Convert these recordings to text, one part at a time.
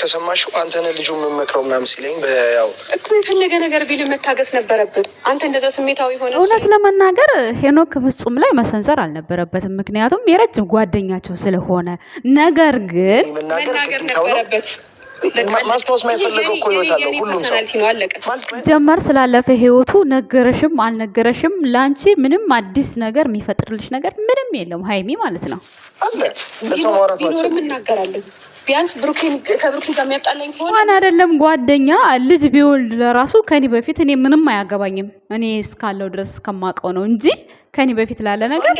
ከሰማሽ አንተነ ልጁ የምመክረው ምናምን ሲለኝ ያው እኮ የፈለገ ነገር ቢል መታገስ ነበረብን። አንተ እንደዛ ስሜታዊ ሆነ። እውነት ለመናገር ሄኖክ ፍጹም ላይ መሰንዘር አልነበረበትም፣ ምክንያቱም የረጅም ጓደኛቸው ስለሆነ። ነገር ግን መናገር ነበረበት። ጀመር ስላለፈ ህይወቱ ነገረሽም አልነገረሽም ለአንቺ ምንም አዲስ ነገር የሚፈጥርልሽ ነገር ምንም የለም። ሀይሚ ማለት ነው አለ ለሰው ማውራት ማለት ነው ቢያንስ ከብሩኬ ጋር የሚያጣለኝ ከሆነ አይደለም ጓደኛ ልጅ ቢወልድ ለራሱ ከኔ በፊት እኔ ምንም አያገባኝም። እኔ እስካለው ድረስ እስከማውቀው ነው እንጂ ከኔ በፊት ላለ ነገር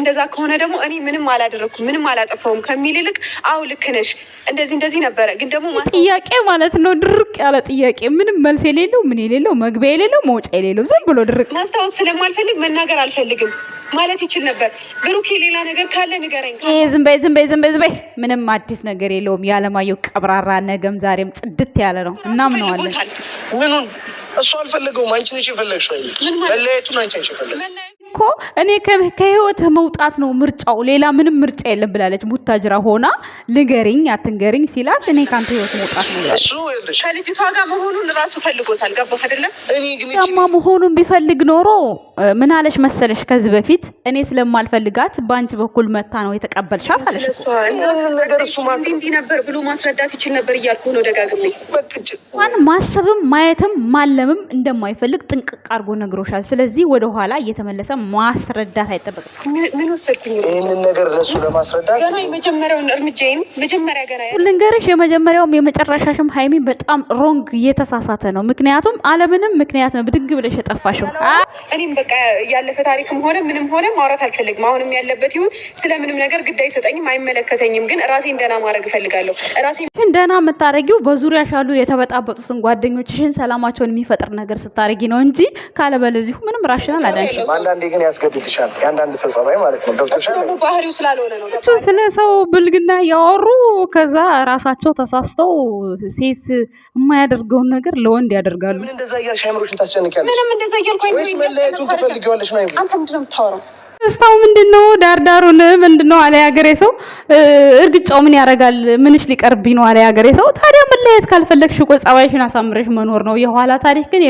እንደዛ ከሆነ ደግሞ እኔ ምንም አላደረግኩም ምንም አላጠፋውም ከሚል ይልቅ አዎ ልክ ነሽ፣ እንደዚህ እንደዚህ ነበረ። ግን ደግሞ ጥያቄ ማለት ነው ድርቅ ያለ ጥያቄ፣ ምንም መልስ የሌለው ምን የሌለው መግቢያ የሌለው መውጫ የሌለው ዝም ብሎ ድርቅ። ማስታወስ ስለማልፈልግ መናገር አልፈልግም። ማለት ይችል ነበር። ብሩኬ ሌላ ነገር ካለ ንገረኝ። ዝም በይ ዝም በይ ዝም በይ ዝም በይ። ምንም አዲስ ነገር የለውም። የአለማየሁ ቀብራራ ነገም ዛሬም ጽድት ያለ ነው። እናምነዋለን። ምኑን እሱ አልፈለገውም። አንቺ ነሽ የፈለግሽው። መለያየቱን አንቺ ነሽ የፈለግሽው። እኮ እኔ ከህይወት መውጣት ነው ምርጫው፣ ሌላ ምንም ምርጫ የለም ብላለች። ሙታጅራ ሆና ንገሪኝ አትንገሪኝ ሲላት እኔ ከአንተ ህይወት መውጣት ነው ብላለች። ከልጅቷ ጋር መሆኑን ራሱ ፈልጎታል። ገባ አይደለም ማ መሆኑን ቢፈልግ ኖሮ ምን አለሽ መሰለሽ ከዚህ በፊት እኔ ስለማልፈልጋት በአንቺ በኩል መታ ነው የተቀበልሻት አለሽ። እንዲህ ነበር ብሎ ማስረዳት ይችል ነበር እያልኩ ነው ደጋግሜ። ማሰብም ማየትም ማለምም እንደማይፈልግ ጥንቅቅ አድርጎ ነግሮሻል። ስለዚህ ወደኋላ እየተመለሰ ማስረዳት አይጠበቅም። ይህንን ነገር ለሱ ለማስረዳት ልንገርሽ፣ የመጀመሪያውም የመጨረሻሽም ሀይሚ በጣም ሮንግ እየተሳሳተ ነው። ምክንያቱም አለምንም ምክንያት ነው ብድግ ብለሽ የጠፋሽው። እኔም በቃ ያለፈ ታሪክም ሆነ ምንም ሆነ ማውራት አልፈልግም። አሁንም ያለበት ይሁን። ስለምንም ነገር ግድ አይሰጠኝም፣ አይመለከተኝም። ግን ራሴን ደህና ማድረግ እፈልጋለሁ። ራሴን ደህና የምታደርጊው በዙሪያሽ ያሉ የተበጣበጡትን ጓደኞችሽን ሰላማቸውን የሚፈጥር ነገር ስታደረጊ ነው እንጂ ካለበለዚሁ ምንም ራሽናል አዳንሽ ግን ያስገድድሻል። የአንዳንድ ሰው ጸባይ ማለት ነው። ገብቶሻል። ባህሪው ስላልሆነ ነው። ስለ ሰው ብልግና እያወሩ ከዛ ራሳቸው ተሳስተው ሴት የማያደርገውን ነገር ለወንድ ያደርጋሉ። እንደዛ እያልሽ አይምሮሽን ታስጨንቂያለሽ። ምንም እንደዛ እያልኩ ወይስ መለያየቱን ትፈልጊዋለሽ ነው? አንተ ምንድን ነው የምታወራው? ደስታው ምንድነው? ነው? ዳርዳሩን ምንድነው? አለ ያገሬ ሰው። እርግጫው ምን ያደርጋል? ምንሽ ሊቀርብ ነው አለ ያገሬ ሰው። ታዲያ መለየት ካልፈለግሽ እኮ ጸባይሽን አሳምረሽ መኖር ነው። የኋላ ታሪክ ግን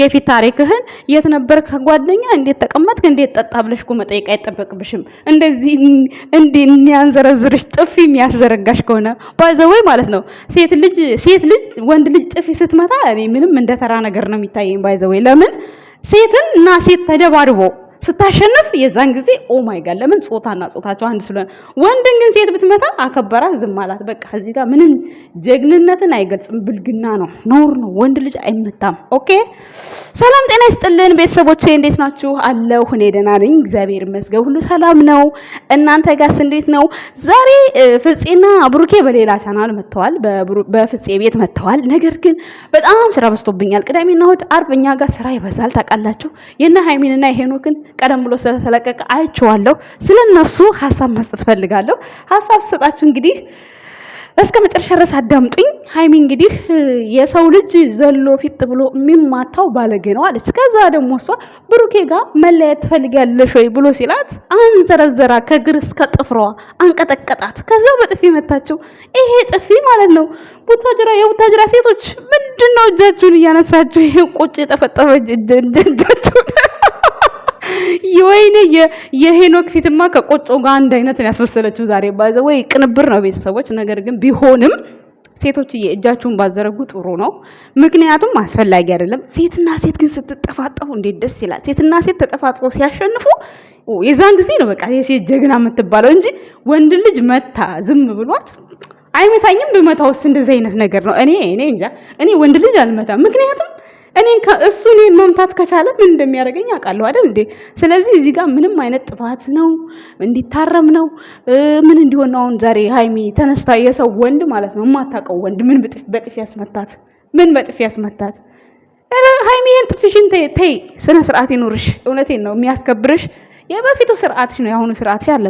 የፊት ታሪክህን የት ነበር ከጓደኛ እንዴት ተቀመጥክ፣ እንዴት ጠጣ ብለሽ እኮ መጠየቅ አይጠበቅብሽም። እንደዚህ እንዲ የሚያንዘረዝርሽ ጥፊ የሚያዘረጋሽ ከሆነ ባዘወይ ማለት ነው። ሴት ልጅ ሴት ልጅ ወንድ ልጅ ጥፊ ስትመታ እኔ ምንም እንደ ተራ ነገር ነው የሚታየኝ። ባይዘወይ ለምን ሴትን እና ሴት ተደባድቦ ስታሸንፍ የዛን ጊዜ ኦ ማይ ጋድ ለምን ጾታና ጾታቸው አንድ ስለሆነ፣ ወንድን ግን ሴት ብትመታ አከበራት፣ ዝም አላት። በቃ እዚህ ጋር ምንም ጀግንነትን አይገልጽም፣ ብልግና ነው፣ ኖር ነው። ወንድ ልጅ አይመታም። ኦኬ። ሰላም ጤና ይስጥልን ቤተሰቦች እንዴት ናችሁ? አለሁ እኔ ደህና ነኝ፣ እግዚአብሔር ይመስገን፣ ሁሉ ሰላም ነው። እናንተ ጋርስ እንዴት ነው? ዛሬ ፍፄና ብሩኬ በሌላ ቻናል መጥተዋል፣ በፍፄ ቤት መጥተዋል። ነገር ግን በጣም ስራ በዝቶብኛል። ቅዳሜና እሑድ፣ አርብ እኛ ጋር ስራ ይበዛል ታውቃላችሁ። የእነ ሀይሚንና የሄኖክን ቀደም ብሎ ስለተለቀቀ አይቼዋለሁ። ስለ እነሱ ሀሳብ መስጠት ፈልጋለሁ። ሀሳብ ስጣችሁ እንግዲህ እስከ መጨረሻ ድረስ አዳምጥኝ። ሀይሚ እንግዲህ የሰው ልጅ ዘሎ ፊት ብሎ የሚማታው ባለጌ ነው አለች። ከዛ ደግሞ እሷ ብሩኬ ጋር መለያየት ትፈልጊያለሽ ወይ ብሎ ሲላት አንዘረዘራ ከግር እስከ ጥፍሯ አንቀጠቀጣት። ከዛ በጥፊ መታችው። ይሄ ጥፊ ማለት ነው ቡታጅራ የቡታጅራ ሴቶች ምንድን ነው እጃችሁን እያነሳችሁ ይሄ ቁጭ የጠፈጠፈ እጃችሁን የወይኔ የሄኖክ ፊትማ ከቆጮ ጋር አንድ አይነት ነው ያስመሰለችው። ዛሬ ባይዘ ወይ ቅንብር ነው ቤተሰቦች። ነገር ግን ቢሆንም ሴቶች እጃችሁን ባዘረጉ ጥሩ ነው። ምክንያቱም አስፈላጊ አይደለም። ሴትና ሴት ግን ስትጠፋጠፉ እንዴት ደስ ይላል! ሴትና ሴት ተጠፋጥሮ ሲያሸንፉ የዛን ጊዜ ነው በቃ የሴት ጀግና የምትባለው እንጂ ወንድ ልጅ መታ ዝም ብሏት አይመታኝም ብመታውስ እንደዚህ አይነት ነገር ነው። እኔ እኔ እንጃ እኔ ወንድ ልጅ አልመታም ምክንያቱም እኔን እሱ እኔን መምታት ከቻለ ምን እንደሚያደርገኝ አውቃለሁ አይደል እንዴ? ስለዚህ እዚህ ጋር ምንም አይነት ጥፋት ነው እንዲታረም ነው ምን እንዲሆን ነው? አሁን ዛሬ ሀይሚ ተነስታ የሰው ወንድ ማለት ነው የማታውቀው ወንድ ምን በጥፊ ያስመታት ምን በጥፊ ያስመታት። ሀይሚ ይሄን ጥፊሽን ተይ፣ ስነ ስርዓት ይኑርሽ። እውነቴን ነው የሚያስከብርሽ የበፊቱ ስርዓትሽ ነው፣ የአሁኑ ስርዓትሽ አለ።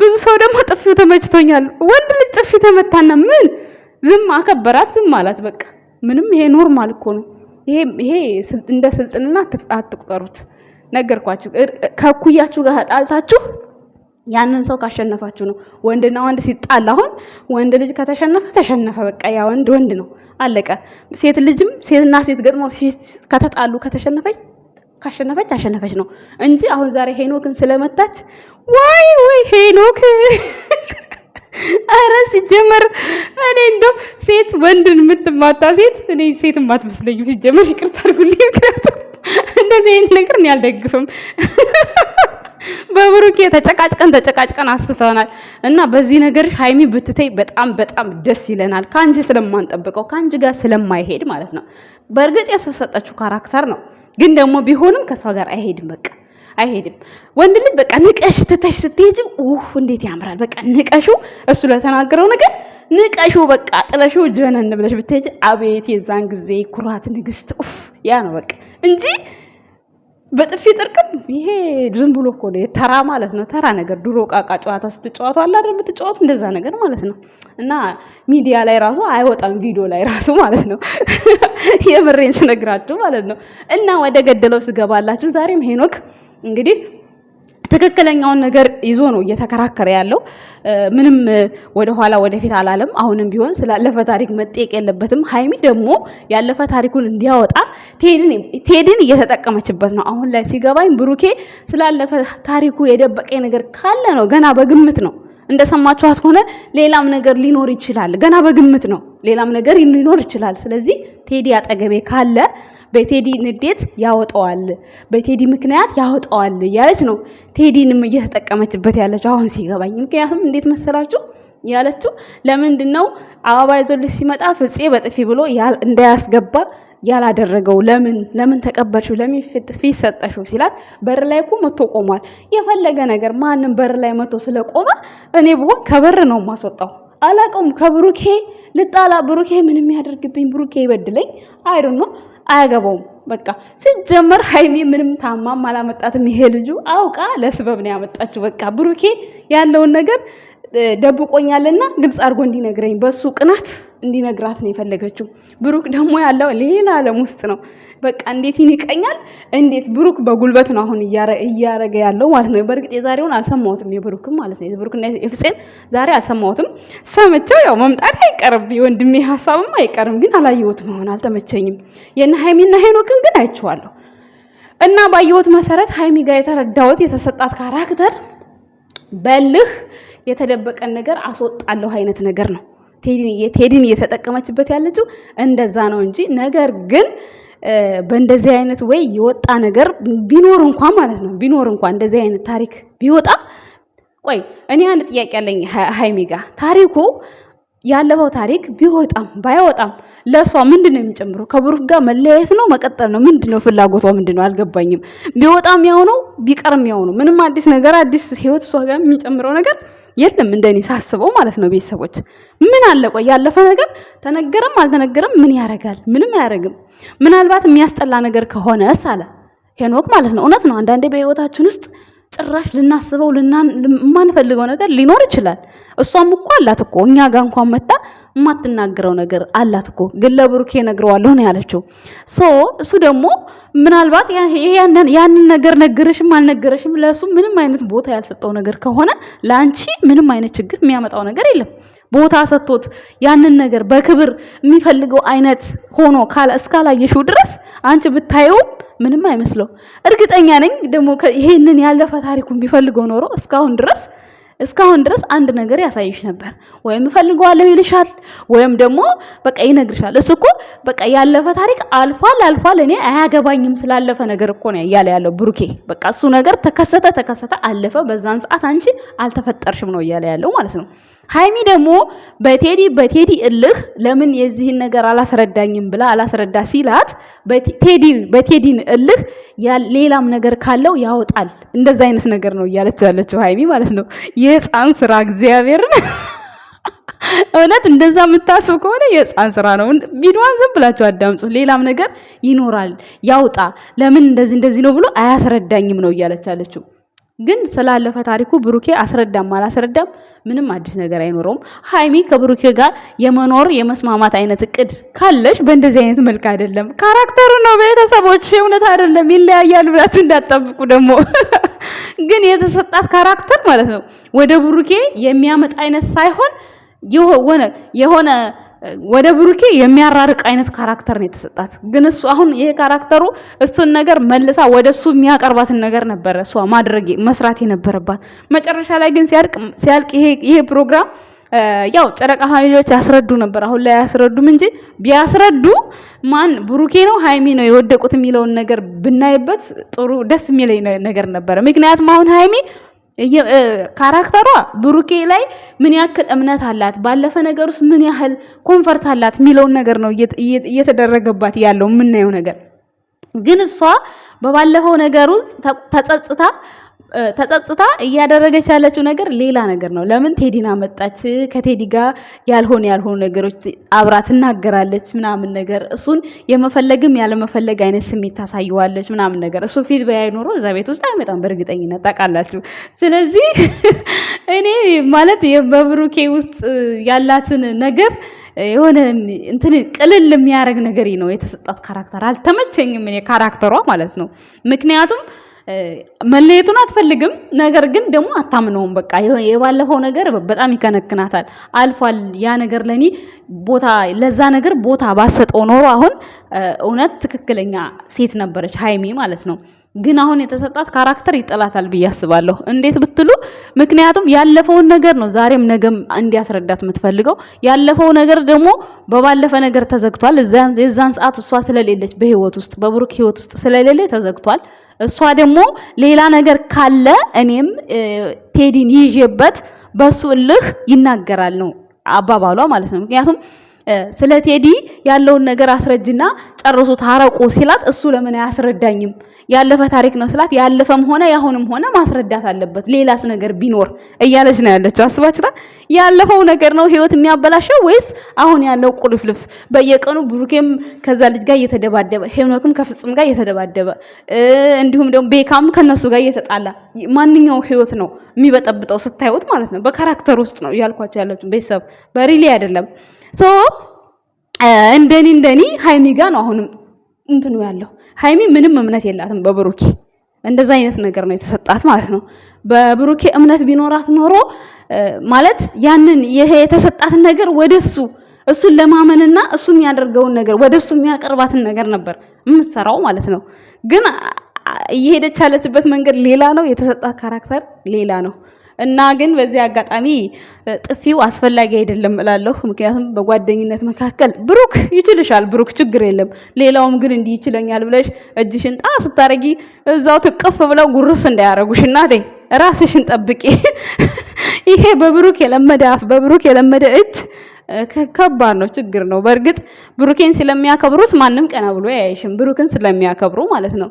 ብዙ ሰው ደግሞ ጥፊው ተመችቶኛል። ወንድ ልጅ ጥፊ ተመታና ምን ዝም አከበራት፣ ዝም አላት። በቃ ምንም ይሄ ኖርማል እኮ ነው። ይሄ እንደ ስልጥንና አትቁጠሩት። ነገርኳችሁ። ከእኩያችሁ ጋር ጣልታችሁ ያንን ሰው ካሸነፋችሁ ነው። ወንድና ወንድ ሲጣል አሁን ወንድ ልጅ ከተሸነፈ ተሸነፈ፣ በቃ ያ ወንድ ወንድ ነው፣ አለቀ። ሴት ልጅም ሴትና ሴት ገጥሞ ከተጣሉ ከተሸነፈች ካሸነፈች አሸነፈች ነው እንጂ አሁን ዛሬ ሄኖክን ስለመታች ወይ ወይ ሄኖክ አረ ሲጀመር እኔ እንደው ሴት ወንድን የምትማታ ሴት እኔ ሴት የማትመስለኝም ሲጀመር፣ ይቅርታ አድርጉልኝ። ምክንያቱም እንደዚህ አይነት ነገር እኔ አልደግፍም። በብሩኬ ተጨቃጭቀን ተጨቃጭቀን አስተተናል እና በዚህ ነገር ሻይሚ ብትተይ በጣም በጣም ደስ ይለናል። ከአንቺ ስለማንጠብቀው ከአንቺ ጋር ስለማይሄድ ማለት ነው። በእርግጥ የሰሰጠችው ካራክተር ነው፣ ግን ደግሞ ቢሆንም ከሷ ጋር አይሄድም በቃ አይሄድም። ወንድ ልጅ በቃ ንቀሽ ትተሽ ስትሄጅ ውህ እንዴት ያምራል። በቃ ንቀሹ፣ እሱ ለተናገረው ነገር ንቀሹ፣ በቃ ጥለሹ ጀነን ብለሽ ብትሄጅ አቤት የዛን ጊዜ ኩራት ንግስት፣ ኡፍ ያ ነው በቃ እንጂ በጥፊ ጥርቅም ይሄ ዝም ብሎ እኮ ነው ተራ ማለት ነው። ተራ ነገር ድሮ ቃቃ ጨዋታ ስትጫወቱ አለ አይደል የምትጫወቱ እንደዛ ነገር ማለት ነው። እና ሚዲያ ላይ ራሱ አይወጣም ቪዲዮ ላይ ራሱ ማለት ነው። የምሬን ስነግራችሁ ማለት ነው። እና ወደ ገደለው ስገባላችሁ ዛሬም ሄኖክ እንግዲህ ትክክለኛውን ነገር ይዞ ነው እየተከራከረ ያለው። ምንም ወደኋላ ወደፊት አላለም። አሁንም ቢሆን ስላለፈ ታሪክ መጠየቅ የለበትም። ሀይሚ ደግሞ ያለፈ ታሪኩን እንዲያወጣ ቴድን እየተጠቀመችበት ነው። አሁን ላይ ሲገባኝ ብሩኬ ስላለፈ ታሪኩ የደበቀ ነገር ካለ ነው ገና በግምት ነው እንደሰማችኋት ከሆነ ሌላም ነገር ሊኖር ይችላል። ገና በግምት ነው። ሌላም ነገር ሊኖር ይችላል። ስለዚህ ቴዲ አጠገቤ ካለ በቴዲ ንዴት ያወጣዋል፣ በቴዲ ምክንያት ያወጣዋል እያለች ነው ቴዲንም እየተጠቀመችበት ያለችው አሁን ሲገባኝ። ምክንያቱም እንዴት መሰላችሁ ያለችው ለምንድን ነው አበባ ይዞልሽ ሲመጣ ፍፄ በጥፊ ብሎ እንዳያስገባ ያላደረገው ለምን ለምን ተቀበልሽው? ለምን ፊት ሰጠሽው? ሲላት በር ላይ እኮ መቶ ቆሟል። የፈለገ ነገር ማንም በር ላይ መቶ ስለቆመ እኔ ብሆን ከበር ነው ማስወጣው። አላውቀውም ከብሩኬ ልጣላ፣ ብሩኬ ምን የሚያደርግብኝ ብሩኬ ይበድለኝ አይደል ነው አያገባውም። በቃ ሲጀመር ሀይሚ ምንም ታማም አላመጣትም። ይሄ ልጁ አውቃ ለስበብ ነው ያመጣችው። በቃ ብሩኬ ያለውን ነገር ደብቆኛልና ግልጽ አድርጎ እንዲነግረኝ በሱ ቅናት እንዲነግራት ነው የፈለገችው። ብሩክ ደግሞ ያለው ሌላ ዓለም ውስጥ ነው። በቃ እንዴት ይንቀኛል፣ እንዴት ብሩክ በጉልበት ነው አሁን እያረገ ያለው ማለት ነው። በእርግጥ የዛሬውን አልሰማሁትም፣ የብሩክም ማለት ነው። የብሩክና የፍፄን ዛሬ አልሰማሁትም። ሰምቼው ያው መምጣት አይቀርም የወንድሜ ሀሳብም አይቀርም፣ ግን አላየሁትም፣ አሁን አልተመቸኝም። የነ ሀይሚና ሄኖክን ግን አይቼዋለሁ እና ባየሁት መሰረት ሀይሚ ጋር የተረዳሁት የተሰጣት ካራክተር በልህ የተደበቀን ነገር አስወጣለሁ አይነት ነገር ነው። ቴዲን እየተጠቀመችበት ያለችው እንደዛ ነው እንጂ ነገር ግን በእንደዚህ አይነት ወይ የወጣ ነገር ቢኖር እንኳን ማለት ነው ቢኖር እንኳን እንደዚህ አይነት ታሪክ ቢወጣ ቆይ እኔ አንድ ጥያቄ ያለኝ ሀይሚ ጋ ታሪኩ ያለፈው ታሪክ ቢወጣም ባይወጣም ለእሷ ምንድን ነው የሚጨምረው? ከብሩክ ጋር መለያየት ነው መቀጠል ነው ምንድን ነው ፍላጎቷ ምንድን ነው አልገባኝም። ቢወጣም ያው ነው ቢቀርም ያው ነው። ምንም አዲስ ነገር አዲስ ህይወት እሷ ጋር የሚጨምረው ነገር የለም እንደኔ ሳስበው ማለት ነው። ቤተሰቦች ምን አለቆ ያለፈ ነገር ተነገረም አልተነገረም ምን ያረጋል? ምንም አያረግም። ምናልባት የሚያስጠላ ነገር ከሆነስ አለ ሄኖክ ማለት ነው። እውነት ነው። አንዳንዴ በህይወታችን ውስጥ ጭራሽ ልናስበው የማንፈልገው ነገር ሊኖር ይችላል። እሷም እኮ አላት እኮ እኛ ጋር እንኳን መጣ የማትናገረው ነገር አላት እኮ ግን ለብሩኬ ነግረዋለሁ ነው ያለችው። ሶ እሱ ደግሞ ምናልባት ያንን ነገር ነገረሽም አልነገረሽም ለእሱ ምንም አይነት ቦታ ያልሰጠው ነገር ከሆነ ለአንቺ ምንም አይነት ችግር የሚያመጣው ነገር የለም። ቦታ ሰጥቶት ያንን ነገር በክብር የሚፈልገው አይነት ሆኖ እስካላየሽው ድረስ አንቺ ብታየው ምንም አይመስለው። እርግጠኛ ነኝ ደግሞ ይሄንን ያለፈ ታሪኩ ቢፈልገው ኖሮ እስካሁን ድረስ እስካሁን ድረስ አንድ ነገር ያሳይሽ ነበር። ወይም እፈልገዋለሁ ይልሻል፣ ወይም ደግሞ በቃ ይነግርሻል። እሱ እኮ በቃ ያለፈ ታሪክ አልፏል አልፏል፣ እኔ አያገባኝም ስላለፈ ነገር እኮ ነው እያለ ያለው ብሩኬ። በቃ እሱ ነገር ተከሰተ ተከሰተ፣ አለፈ። በዛን ሰዓት አንቺ አልተፈጠርሽም ነው እያለ ያለው ማለት ነው። ሀይሚ ደግሞ በቴዲ በቴዲ እልህ ለምን የዚህን ነገር አላስረዳኝም ብላ አላስረዳ ሲላት በቴዲን እልህ ሌላም ነገር ካለው ያወጣል። እንደዛ አይነት ነገር ነው እያለች ያለችው ሀይሚ ማለት ነው። የህፃን ስራ እግዚአብሔርን እውነት እንደዛ የምታስብ ከሆነ የህፃን ስራ ነው። ቢድዋን ዝም ብላችሁ አዳምጹ። ሌላም ነገር ይኖራል ያውጣ። ለምን እንደዚህ እንደዚህ ነው ብሎ አያስረዳኝም ነው እያለች ያለችው። ግን ስላለፈ ታሪኩ ብሩኬ አስረዳም አላስረዳም ምንም አዲስ ነገር አይኖረውም። ሀይሚ ከብሩኬ ጋር የመኖር የመስማማት አይነት እቅድ ካለሽ በእንደዚህ አይነት መልክ አይደለም፣ ካራክተሩ ነው። ቤተሰቦች እውነት አይደለም፣ ይለያያሉ ብላችሁ እንዳትጠብቁ። ደግሞ ግን የተሰጣት ካራክተር ማለት ነው ወደ ብሩኬ የሚያመጣ አይነት ሳይሆን የሆነ ወደ ብሩኬ የሚያራርቅ አይነት ካራክተር ነው የተሰጣት። ግን እሱ አሁን ይሄ ካራክተሩ እሱን ነገር መልሳ ወደ እሱ የሚያቀርባትን ነገር ነበረ እሷ ማድረግ መስራት የነበረባት። መጨረሻ ላይ ግን ሲያልቅ ይሄ ፕሮግራም ያው ጨረቃ ፋሚሊዎች ያስረዱ ነበር። አሁን ላይ ያስረዱም እንጂ ቢያስረዱ ማን ብሩኬ ነው ሀይሚ ነው የወደቁት የሚለውን ነገር ብናይበት ጥሩ ደስ የሚለኝ ነገር ነበረ። ምክንያቱም አሁን ሀይሚ ። ካራክተሯ ብሩኬ ላይ ምን ያክል እምነት አላት፣ ባለፈ ነገር ውስጥ ምን ያህል ኮንፈርት አላት የሚለውን ነገር ነው እየተደረገባት ያለው የምናየው ነገር ግን እሷ በባለፈው ነገር ውስጥ ተጸጽታ ተጸጽታ እያደረገች ያለችው ነገር ሌላ ነገር ነው። ለምን ቴዲና መጣች ከቴዲ ጋር ያልሆነ ያልሆኑ ነገሮች አብራ ትናገራለች ምናምን ነገር እሱን የመፈለግም ያለመፈለግ አይነት ስሜት ታሳየዋለች ምናምን ነገር እሱ ፊት በያይ ኖሮ እዛ ቤት ውስጥ አይመጣም በእርግጠኝነት ታውቃላችሁ። ስለዚህ እኔ ማለት በብሩኬ ውስጥ ያላትን ነገር የሆነ እንትን ቅልል የሚያደርግ ነገር ነው የተሰጣት ካራክተር አልተመቸኝም፣ እኔ ካራክተሯ ማለት ነው ምክንያቱም መለየቱን አትፈልግም፣ ነገር ግን ደግሞ አታምነውም። በቃ የባለፈው ነገር በጣም ይከነክናታል። አልፏል ያ ነገር ለእኔ ቦታ ለዛ ነገር ቦታ ባሰጠው ኖሮ አሁን እውነት ትክክለኛ ሴት ነበረች ሀይሚ ማለት ነው። ግን አሁን የተሰጣት ካራክተር ይጠላታል ብዬ አስባለሁ። እንዴት ብትሉ ምክንያቱም ያለፈውን ነገር ነው ዛሬም ነገም እንዲያስረዳት የምትፈልገው። ያለፈው ነገር ደግሞ በባለፈ ነገር ተዘግቷል። የዛን ሰዓት እሷ ስለሌለች በህይወት ውስጥ በብሩክ ህይወት ውስጥ ስለሌለ ተዘግቷል። እሷ ደግሞ ሌላ ነገር ካለ እኔም ቴዲን ይዤበት በሱ እልህ ይናገራል ነው አባባሏ ማለት ነው። ምክንያቱም ስለ ቴዲ ያለውን ነገር አስረጅና ጨርሱ ታረቁ ሲላት እሱ ለምን አያስረዳኝም? ያለፈ ታሪክ ነው ስላት ያለፈም ሆነ ያሁንም ሆነ ማስረዳት አለበት ሌላስ ነገር ቢኖር እያለች ነው ያለችው። አስባችታ ያለፈው ነገር ነው ህይወት የሚያበላሸው ወይስ አሁን ያለው ቁልፍልፍ? በየቀኑ ብሩኬም ከዛ ልጅ ጋር እየተደባደበ ሄኖክም ከፍጽም ጋር እየተደባደበ እንዲሁም ደግሞ ቤካም ከነሱ ጋር እየተጣላ ማንኛው ህይወት ነው የሚበጠብጠው ስታዩት ማለት ነው። በካራክተር ውስጥ ነው እያልኳቸው ያለችው ቤተሰብ በሪሊ አይደለም። ሶ እንደኔ እንደኔ ሃይሚ ጋ ነው አሁንም እንትኑ ያለው። ሃይሚ ምንም እምነት የላትም በብሩኬ እንደዛ አይነት ነገር ነው የተሰጣት ማለት ነው። በብሩኬ እምነት ቢኖራት ኖሮ ማለት ያንን የተሰጣትን ነገር ወደሱ እሱን ለማመንና እሱ የሚያደርገውን ነገር ወደሱ የሚያቀርባትን ነገር ነበር የምትሰራው ማለት ነው። ግን እየሄደች ያለችበት መንገድ ሌላ ነው። የተሰጣት ካራክተር ሌላ ነው። እና ግን በዚህ አጋጣሚ ጥፊው አስፈላጊ አይደለም እላለሁ። ምክንያቱም በጓደኝነት መካከል ብሩክ ይችልሻል፣ ብሩክ ችግር የለም። ሌላውም ግን እንዲህ ይችለኛል ብለሽ እጅሽን ጣ ስታረጊ እዛው ትቅፍ ብለው ጉርስ እንዳያረጉሽ እናቴ ራስሽን ጠብቂ። ይሄ በብሩክ የለመደ አፍ፣ በብሩክ የለመደ እጅ ከባድ ነው፣ ችግር ነው። በእርግጥ ብሩኬን ስለሚያከብሩት ማንም ቀና ብሎ ያይሽም፣ ብሩክን ስለሚያከብሩ ማለት ነው።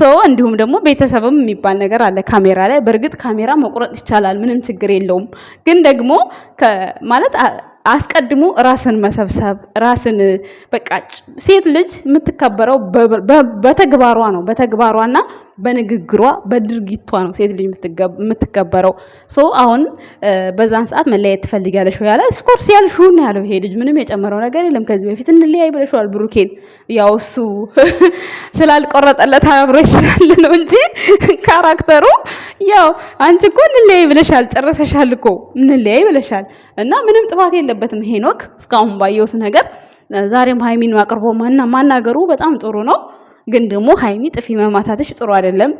ሰው እንዲሁም ደግሞ ቤተሰብም የሚባል ነገር አለ ካሜራ ላይ። በእርግጥ ካሜራ መቁረጥ ይቻላል፣ ምንም ችግር የለውም። ግን ደግሞ ማለት አስቀድሞ ራስን መሰብሰብ ራስን በቃ ሴት ልጅ የምትከበረው በተግባሯ ነው፣ በተግባሯና በንግግሯ በድርጊቷ ነው ሴት ልጅ የምትከበረው። አሁን በዛን ሰዓት መለያየት ትፈልጊያለሽ ያለ እስኮርስ ያልሽውን ያለው ይሄ ልጅ ምንም የጨመረው ነገር የለም። ከዚህ በፊት እንለያይ ብለሽዋል ብሩኬን። ያው እሱ ስላልቆረጠለት አብሮ ይስላል ነው እንጂ ካራክተሩ ያው አንቺ እኮ እንለያይ ብለሻል፣ ጨረሰሻል እኮ እንለያይ ብለሻል። እና ምንም ጥፋት የለበትም ሄኖክ እስካሁን ባየሁት ነገር ዛሬም ሀይሚን አቅርቦ ማናገሩ በጣም ጥሩ ነው። ግን ደግሞ ሀይሚ ጥፊ መማታትሽ ጥሩ አይደለም።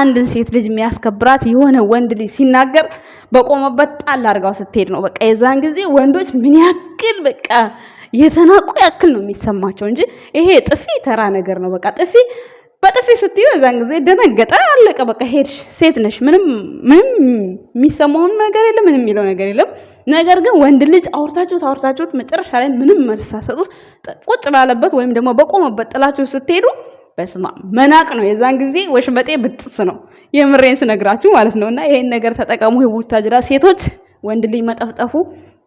አንድን ሴት ልጅ የሚያስከብራት የሆነ ወንድ ልጅ ሲናገር በቆመበት ጣል አድርጋው ስትሄድ ነው። በቃ የዛን ጊዜ ወንዶች ምን ያክል በቃ የተናቁ ያክል ነው የሚሰማቸው እንጂ ይሄ ጥፊ ተራ ነገር ነው። በቃ ጥፊ በጥፊ ስትዩ የዛን ጊዜ ደነገጠ፣ አለቀ፣ በቃ ሄድሽ። ሴት ነሽ። ምንም ምንም የሚሰማውን ነገር የለም፣ ምንም የሚለው ነገር የለም። ነገር ግን ወንድ ልጅ አውርታችሁት አውርታችሁት መጨረሻ ላይ ምንም መልስ ቁጭ ባለበት ወይም ደግሞ በቆመበት ጥላችሁ ስትሄዱ በስማ መናቅ ነው። የዛን ጊዜ ወሽመጤ ብጥስ ነው። የምሬን ስነግራችሁ ማለት ነው። እና ይሄን ነገር ተጠቀሙ። የቡታጅራ ሴቶች ወንድ ልጅ መጠፍጠፉ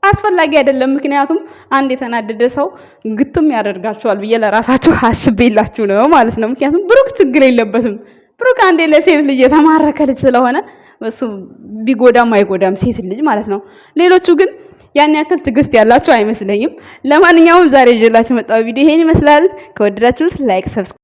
አስፈላጊ አይደለም። ምክንያቱም አንድ የተናደደ ሰው ግጥም ያደርጋችኋል ብዬ ለራሳችሁ አስቤላችሁ ነው ማለት ነው። ምክንያቱም ብሩክ ችግር የለበትም። ብሩክ አንዴ ለሴት ልጅ የተማረከ ልጅ ስለሆነ እሱ ቢጎዳም አይጎዳም ሴት ልጅ ማለት ነው። ሌሎቹ ግን ያን ያክል ትዕግስት ያላችሁ አይመስለኝም። ለማንኛውም ዛሬ ይዤላችሁ መጣሁ ቪዲዮ ይሄን ይመስላል። ከወደዳችሁት ላይክ ሰብስ